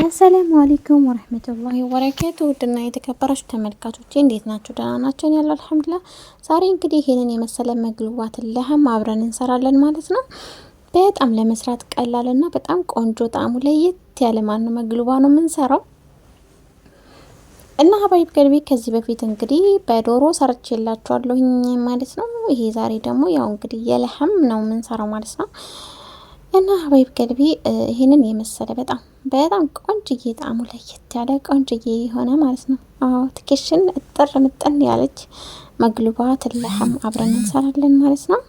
አሰላሙ አሌይኩም ወረህመቱላሂ ወበረካቱ ውድና የተከበራችሁ ተመልካቾቼ እንዴት ናቸው? ደህና ናቸው ያለው አልሐምዱሊላህ። ዛሬ እንግዲህ ይህንን የመሰለ መግልዋትን ለህም አብረን እንሰራለን ማለት ነው። በጣም ለመስራት ቀላልና በጣም ቆንጆ ጣዕሙ ለየት ያለ ማነው መግልባ ነው የምንሰራው እና ሀባይብ ገልቤ ከዚህ በፊት እንግዲህ በዶሮ ሰርች ሰርቼላችኋለሁ ማለት ነው። ይሄ ዛሬ ደግሞ ያው እንግዲህ የለህም ነው የምንሰራው ማለት ነው። እና ሀባይብ ገልቢ ይህንን የመሰለ በጣም በጣም ቆንጅዬ ጣዕሙ ለየት ያለ ቆንጅዬ የሆነ ማለት ነው። አዎ ትኬሽን እጥር ምጥን ያለች መግሉባ ትለሐም አብረን እንሰራለን ማለት ነው።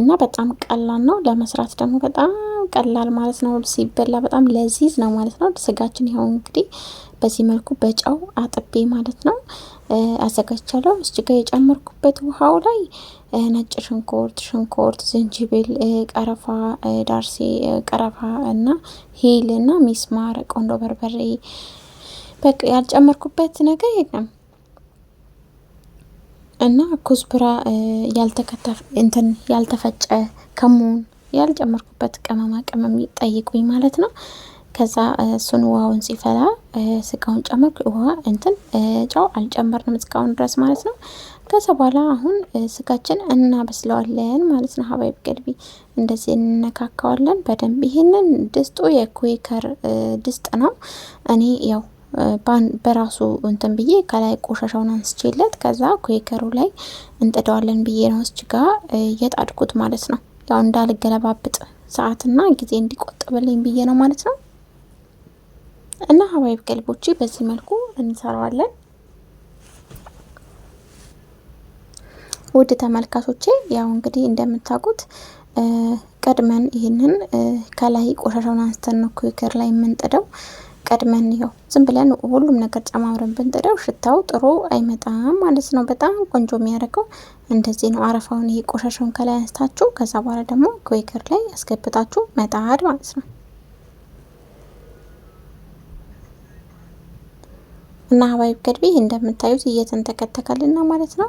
እና በጣም ቀላል ነው ለመስራት ደግሞ በጣም ቀላል ማለት ነው። ሲበላ በጣም ለዚዝ ነው ማለት ነው። ስጋችን ይኸው እንግዲህ በዚህ መልኩ በጨው አጥቤ ማለት ነው አዘጋጅቻለሁ። እዚህ ጋር የጨመርኩበት ውሃው ላይ ነጭ ሽንኩርት፣ ሽንኩርት፣ ዝንጅብል፣ ቀረፋ ዳርሴ ቀረፋ እና ሂል እና ሚስማር፣ ቆንዶ በርበሬ በቃ ያልጨመርኩበት ነገር የለም እና ኩዝብራ እንትን ያልተፈጨ ከሙን ያልጨመርኩበት ቅመማ ቅመም ጠይቁኝ ማለት ነው። ከዛ እሱን ውሃውን ሲፈላ ስጋውን ጨመርኩ። ውሃ እንትን ጨው አልጨመርንም እስካሁን ድረስ ማለት ነው። ከዛ በኋላ አሁን ስጋችን እናበስለዋለን ማለት ነው። ሀባይብ ገልቢ እንደዚህ እንነካካዋለን በደንብ። ይህንን ድስጡ የኩዌከር ድስጥ ነው። እኔ ያው በራሱ እንትን ብዬ ከላይ ቆሻሻውን አንስቼለት ከዛ ኩዌከሩ ላይ እንጥደዋለን ብዬ ነው እስችጋ የጣድኩት ማለት ነው። ያው እንዳልገለባብጥ ሰዓትና ጊዜ እንዲቆጥብልኝ ብዬ ነው ማለት ነው። እና ሀባይብ ቀልቦቼ በዚህ መልኩ እንሰራዋለን። ውድ ተመልካቾቼ ያው እንግዲህ እንደምታውቁት ቀድመን ይህንን ከላይ ቆሻሻውን አንስተን ነው ኩከር ላይ የምንጥደው። ቀድመን ይኸው ዝም ብለን ሁሉም ነገር ጨማምረን ብንጥደው ሽታው ጥሩ አይመጣም ማለት ነው። በጣም ቆንጆ የሚያደርገው እንደዚህ ነው። አረፋውን ይሄ ቆሻሻውን ከላይ አንስታችሁ ከዛ በኋላ ደግሞ ኩከር ላይ አስገብታችሁ መጣድ ማለት ነው። እና ሀባይብ ገድቤ እንደምታዩት እየተንተከተከልን ነው ማለት ነው።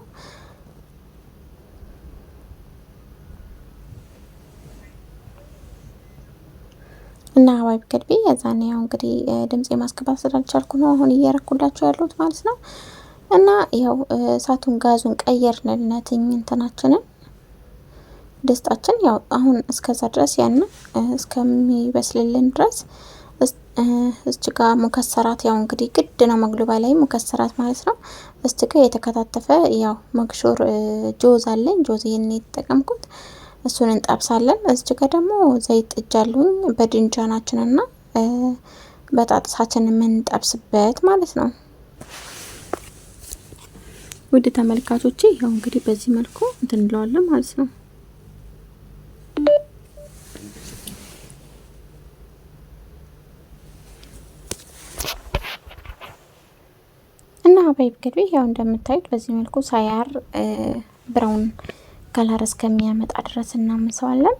እና ሀባይብ ገድቤ የዛኔ ያው እንግዲህ ድምጽ ማስገባት ስላልቻልኩ ነው አሁን እየረኩላቸው ያሉት ማለት ነው። እና ያው እሳቱን ጋዙን ቀየርንልነትኝ እንትናችንን ድስጣችን ያው አሁን እስከዛ ድረስ ያን እስከሚበስልልን ድረስ እች ጋ ሙከሰራት ያው እንግዲህ ግድ ነው መግሉባ ላይ ሙከሰራት ማለት ነው። እች ጋ የተከታተፈ ያው መግሾር ጆዝ አለኝ። ጆዝ ይህን የተጠቀምኩት እሱን እንጠብሳለን። እች ጋ ደግሞ ዘይት ጥጃለሁኝ በድንጃናችንና በጣጥሳችን የምንጠብስበት ማለት ነው። ውድ ተመልካቾቼ ያው እንግዲህ በዚህ መልኩ እንትንለዋለን እንለዋለን ማለት ነው። በይ ብገድቤ ያው እንደምታዩት በዚህ መልኩ ሳያር ብራውን ከለር እስከሚያመጣ ድረስ እናምሰዋለን።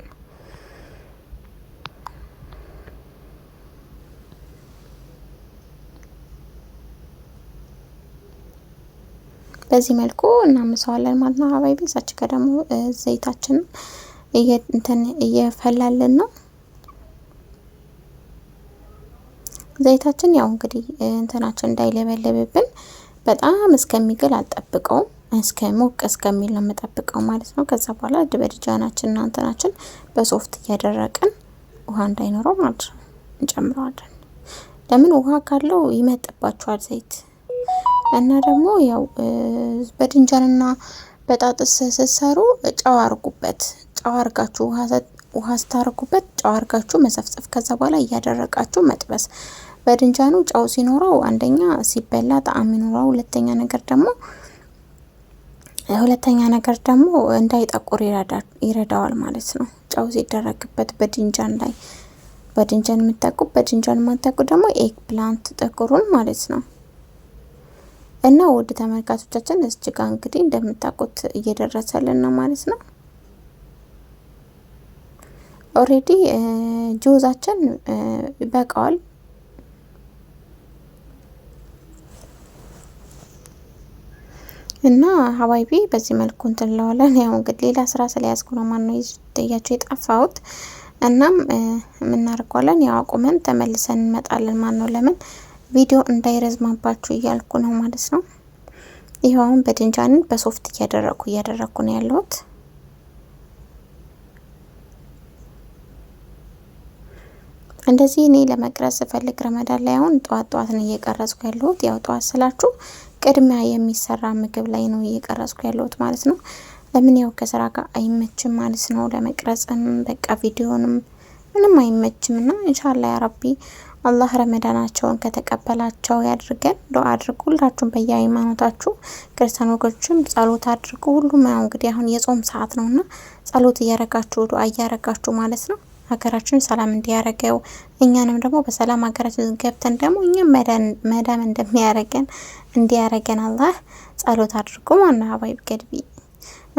በዚህ መልኩ እናምሰዋለን ማለት ነው። አባይ ቤዛች ጋር ደግሞ ዘይታችን እንትን እየፈላልን ነው። ዘይታችን ያው እንግዲህ እንትናችን እንዳይለበለብብን በጣም እስከሚግል አልጠብቀውም። እስከ ሞቅ እስከሚል ነው የምጠብቀው ማለት ነው። ከዛ በኋላ ድበድጃናችን እናንተናችን በሶፍት እያደረቅን ውሃ እንዳይኖረው ማለት ነው እንጨምረዋለን። ለምን ውሃ ካለው ይመጥባችኋል ዘይት እና ደግሞ ያው በድንጃንና በጣጥስ ስትሰሩ ጨው አርጉበት። ጨው አርጋችሁ ውሃ ስታርጉበት ጨው አርጋችሁ መሰፍሰፍ፣ ከዛ በኋላ እያደረቃችሁ መጥበስ። በድንጃኑ ጨው ሲኖረው አንደኛ ሲበላ ጣዕም ይኖረው፣ ሁለተኛ ነገር ደግሞ ሁለተኛ ነገር ደግሞ እንዳይጠቁር ይረዳዋል ማለት ነው። ጨው ሲደረግበት በድንጃን ላይ በድንጃን የምታቁ በድንጃን የማታቁ ደግሞ ኤግ ፕላንት ጥቁሩን ማለት ነው። እና ውድ ተመልካቾቻችን እዚህ እንግዲህ እንደምታቁት እየደረሰልን ነው ማለት ነው። ኦሬዲ ጆዛችን ይበቃዋል። እና ሀባይቢ በዚህ መልኩ እንትን ለዋለን ያው እንግዲህ ሌላ ስራ ስለያዝኩ ነው ማነው ይዤላችሁ የጠፋሁት። እናም የምናርጓለን ያው አቁመን ተመልሰን እንመጣለን። ማነው ለምን ቪዲዮ እንዳይረዝማባችሁ እያልኩ ነው ማለት ነው። ይኸው አሁን በድንጃንን በሶፍት እያደረኩ እያደረኩ ነው ያለሁት። እንደዚህ እኔ ለመቅረጽ ስፈልግ ረመዳን ላይ አሁን ጠዋት ጠዋት ነው እየቀረጽኩ ያለሁት። ያው ጠዋት ስላችሁ ቅድሚያ የሚሰራ ምግብ ላይ ነው እየቀረጽኩ ያለሁት ማለት ነው። ለምን ያው ከስራ ጋር አይመችም ማለት ነው። ለመቅረጽም በቃ ቪዲዮንም ምንም አይመችም እና እንሻላ ያረቢ አላህ ረመዳናቸውን ከተቀበላቸው ያድርገን። ዶ አድርጉ ሁላችሁም በየሃይማኖታችሁ ክርስቲያን ወገኖችም ጸሎት አድርጉ። ሁሉም ያው እንግዲህ አሁን የጾም ሰዓት ነውና ጸሎት እያረጋችሁ ዶ እያረጋችሁ ማለት ነው። ሀገራችን ሰላም እንዲያረገው እኛንም ደግሞ በሰላም ሀገራችን ገብተን ደግሞ እኛም መዳም እንደሚያረገን እንዲያደርገን አላህ ጸሎት አድርጉ። ዋና አባይ ገድቢ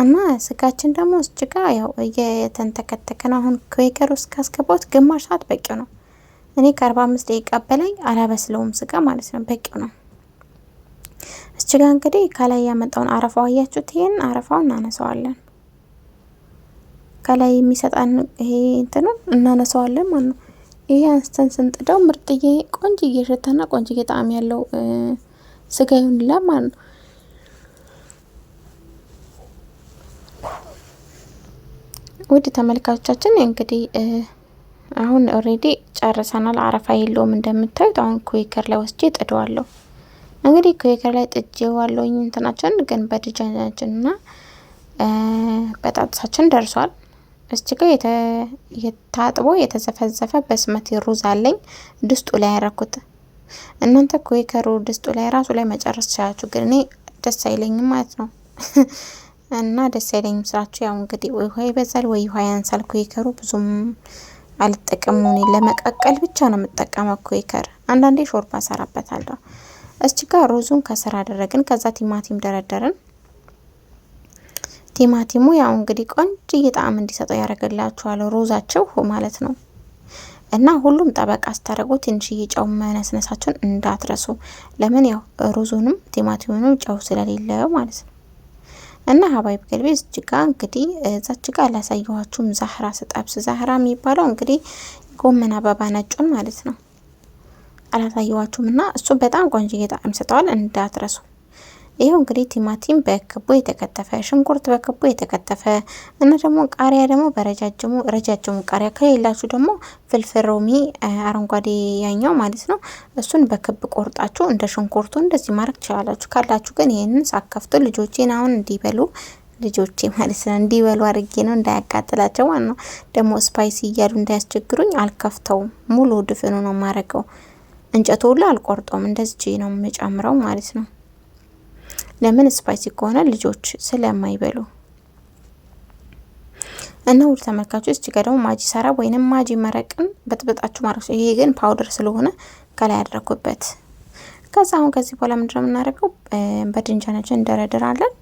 እና ስጋችን ደግሞ እጅጋ ያው እየተንተከተከ ነው። አሁን ኩዌከር ውስጥ ካስገባት ግማሽ ሰዓት በቂው ነው። እኔ ከአርባ አምስት ደቂቃ በላይ አላበስለውም ስጋ ማለት ነው። በቂው ነው። እስችጋ እንግዲህ ከላይ ያመጣውን አረፋው አያችሁት። ይህን አረፋውን እናነሳዋለን። ከላይ የሚሰጣን ይሄ እንትኑን እናነሳዋለን ማለት ነው። ይሄ አንስተን ስንጥደው ምርጥዬ ቆንጅዬ ሽታና ቆንጅዬ ጣዕም ያለው ስጋ ይሆንላል ማለት ነው። ውድ ተመልካቾቻችን እንግዲህ አሁን ኦሬዲ ጨርሰናል። አረፋ የለውም እንደምታዩት። አሁን ኩዌከር ላይ ወስጄ ጥደዋለሁ። እንግዲህ ኩዌከር ላይ ዋለውኝ እንትናችን ግን በድጃናችን እና በጣጥሳችን ደርሷል። እዚህ ጋር የታጥቦ የተዘፈዘፈ በስመት ሩዝ አለኝ ድስጡ ላይ ያረኩት። እናንተ እኮ ድስጡ ላይ ራሱ ላይ መጨረስ ትችላችሁ፣ ግን እኔ ደስ አይለኝም ማለት ነው። እና ደስ አይለኝም ስራችሁ ያው እንግዲህ ወይ ውሃ ይበዛል ወይ ውሃ ያንሳል። ኩይከሩ ብዙም አልጠቀሙም። ለመቀቀል ብቻ ነው የምጠቀመው ኩይከር። አንዳንዴ ሾርባ ሰራበታለሁ። እስቲ ጋር ሩዙን ከስር አደረግን። ከዛ ቲማቲም ደረደርን። ቲማቲሙ ያው እንግዲህ ቆንጅዬ ጣዕም እንዲሰጠው ያደርግላችኋል ሮዛቸው ማለት ነው። እና ሁሉም ጠበቃ ስታደርጉ ትንሽዬ ጨው መነስነሳቸውን እንዳትረሱ። ለምን ያው ሩዙንም ቲማቲሙንም ጨው ስለሌለው ማለት ነው። እና ሀባይብ ገልቤ እዚጋ እንግዲህ እዛች ጋ አላሳየኋችሁም። ዛህራ ስጠብስ ዛህራ የሚባለው እንግዲህ ጎመን አበባ ነጩን ማለት ነው። አላሳየኋችሁም እና እሱ በጣም ቆንጆ ጣዕም ይሰጠዋል፣ እንዳትረሱ። ይሄው እንግዲህ ቲማቲም በክቡ የተከተፈ ሽንኩርት በክቡ የተከተፈ እና ደግሞ ቃሪያ ደግሞ በረጃጅሙ ረጃጅሙ ቃሪያ ከሌላችሁ ደግሞ ፍልፍል ሮሚ አረንጓዴ ያኛው ማለት ነው። እሱን በክብ ቆርጣችሁ እንደ ሽንኩርቱ እንደዚህ ማድረግ ትችላላችሁ። ካላችሁ ግን ይህንን ሳከፍቶ ልጆቼን አሁን እንዲበሉ ልጆቼ ማለት ነው እንዲበሉ አድርጌ ነው እንዳያቃጥላቸው። ዋናው ደግሞ ስፓይሲ እያሉ እንዳያስቸግሩኝ አልከፍተውም። ሙሉ ድፍኑ ነው ማረገው። እንጨቱ ሁሉ አልቆርጠውም። እንደዚህ ነው የምጨምረው ማለት ነው። ለምን ስፓይሲ ከሆነ ልጆች ስለማይበሉ እና ውድ ተመልካቾች እዚህ ጋር ደግሞ ማጂ ሰራ ወይንም ማጂ መረቅን በጥበጣችሁ ማድረግ ይሄ ግን ፓውደር ስለሆነ ከላይ ያደረኩበት። ከዛ አሁን ከዚህ በኋላ ምንድነው የምናደርገው? በድንጃናችን እንደረድራለን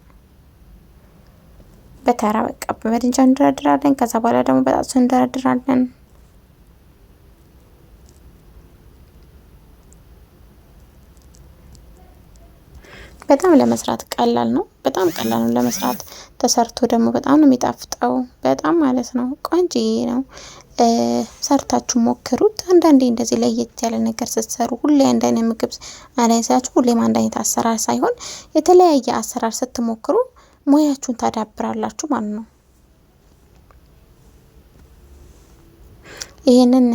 በተራ በቃ በድንጃን እንደረድራለን። ከዛ በኋላ ደግሞ በጣም እንደረድራለን። በጣም ለመስራት ቀላል ነው። በጣም ቀላል ነው ለመስራት። ተሰርቶ ደግሞ በጣም ነው የሚጣፍጠው። በጣም ማለት ነው ቆንጂ ነው። ሰርታችሁ ሞክሩት። አንዳንዴ እንደዚህ ለየት ያለ ነገር ስትሰሩ ሁሌ አንድ አይነት ምግብ አላይሳችሁ፣ ሁሌም አንድ አይነት አሰራር ሳይሆን የተለያየ አሰራር ስትሞክሩ ሙያችሁን ታዳብራላችሁ ማለት ነው። ይህንን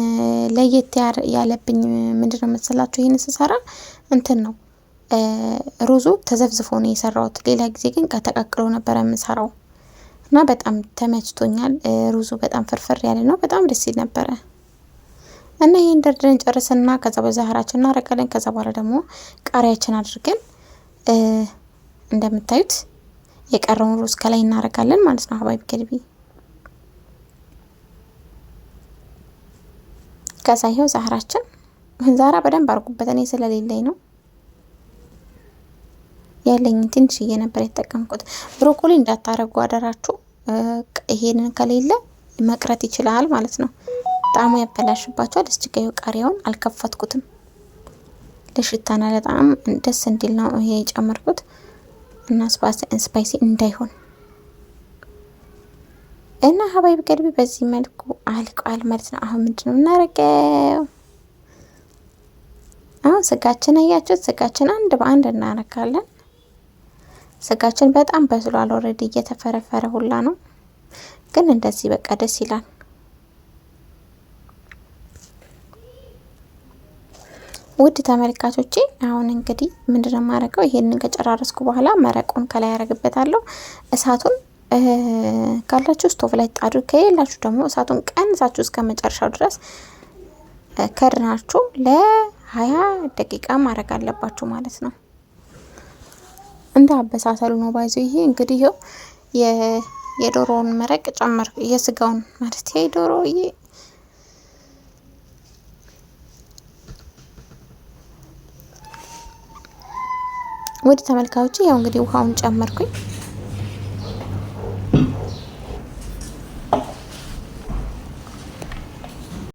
ለየት ያለብኝ ምንድነው ነው መሰላችሁ? ይህን ስሰራ እንትን ነው ሩዙ ተዘፍዝፎ ነው የሰራሁት። ሌላ ጊዜ ግን ከተቀቅሎ ነበረ የምሰራው እና በጣም ተመችቶኛል። ሩዙ በጣም ፍርፍር ያለ ነው። በጣም ደስ ይል ነበረ እና ይህን ደርድረን ጨርስና ከዛ በዛህራችን እናረጋለን። ከዛ በኋላ ደግሞ ቃሪያችን አድርገን እንደምታዩት የቀረውን ሩዝ ከላይ እናረጋለን ማለት ነው። ሀባይብ ገልቢ ከዛ ይኸው ዛህራችን ዛራ በደንብ አርጉበት፣ እኔ ስለሌለኝ ነው። ያለኝ ትንሽዬ ነበር የተጠቀምኩት። ብሮኮሊ እንዳታረጉ አደራችሁ። ይሄንን ከሌለ መቅረት ይችላል ማለት ነው። ጣዕሙ ያበላሽባቸዋል። እስችጋዩ ቃሪያውን አልከፈትኩትም ለሽታና ለጣም ደስ እንዲል ነው ይሄ የጨመርኩት እና ስፓይሲ እንዳይሆን እና ሀባይብ ገድቢ በዚህ መልኩ አልቋል ማለት ነው። አሁን ምንድን ነው እናረገው? አሁን ስጋችን አያችሁት፣ ስጋችን አንድ በአንድ እናረጋለን። ስጋችን በጣም በስሏል። ኦልሬዲ እየተፈረፈረ ሁላ ነው፣ ግን እንደዚህ በቃ ደስ ይላል። ውድ ተመልካቾቼ አሁን እንግዲህ ምንድን የማደርገው ይሄንን ከጨራረስኩ በኋላ መረቁን ከላይ ያደርግበታለሁ። እሳቱን ካላችሁ ስቶቭ ላይ ጣዱ፣ ከሌላችሁ ደግሞ እሳቱን ቀንሳችሁ እስከ መጨረሻው ድረስ ከድናችሁ ለሀያ ደቂቃ ማድረግ አለባችሁ ማለት ነው። እንደ አበሳሰሉ ነው ባይዞ። ይሄ እንግዲህ ይኸው የዶሮውን መረቅ ጨመር የስጋውን ማለት ዶሮ ይሄ ወደ ተመልካዮች ያው እንግዲህ ውሃውን ጨመርኩኝ።